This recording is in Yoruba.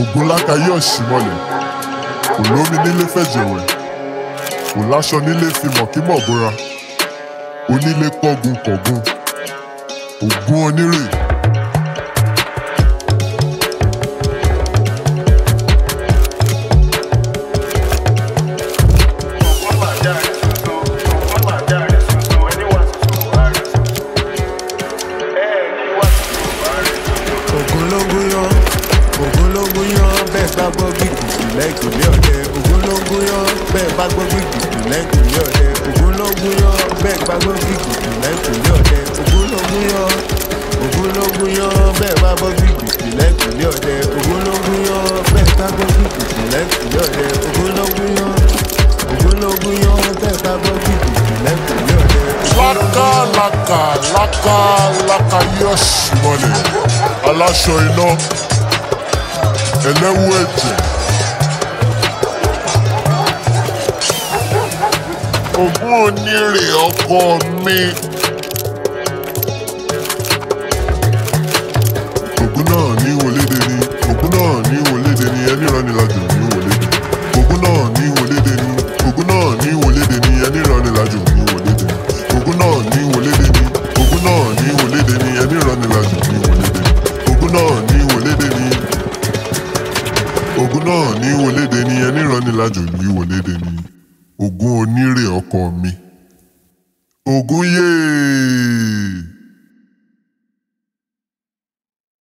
ògúnláka yóò ṣì mọ́lẹ̀ kò lómi nílé fẹ̀jẹ̀ wẹ̀ kò láṣọ nílé fi mọ̀kímọ̀ bóra onílé pọ̀gun kọ̀gun ògún onírè. bẹ́ẹ̀ bá gbọ́ gígì sí lẹ́gùn ní ọ̀dẹ ògúnlógún yọ bẹ́ẹ̀ bá gbọ́ gígì sí lẹ́gùn ní ọ̀dẹ ògúnlógún yọ bẹ́ẹ̀ bá gbọ́ gígì sí lẹ́gùn ní ọ̀dẹ ògúnlógún yọ ògúnlógún yọ bẹ́ẹ̀ bá gbọ́ gígì sí lẹ́gùn ní ọ̀dẹ ògúnlógún yọ bẹ́ẹ̀ bá gbọ́ gígì sí lẹ́gùn ní ọ̀dẹ ògúnlógún yọ ògúnlógún yọ bẹ́ẹ̀ bá gbọ́ gígì sí lẹ́gùn ní ọ̀dẹ. lákà lákà lákà ɛnɛ wo agye òbúrò nírè ọkọ mi ògùn náà ní wòlédè ni ògùn náà ní wòlédè ni ẹni ìrànlẹ́lájò ní wòlédè ògùn náà ní wòlédè ni ògùn náà ní wòlédè ni ẹni ìrànlẹ́lájò ní wòlédè ògùn náà ní wòlédè ni ògùn náà ní wòlédè ni ẹni ìrànlẹ́lájò ní wòlédè. náà ní wọléde ni ẹníranilàjò ní wọléde ni ogún onírè ọkọ mi ogún yéé.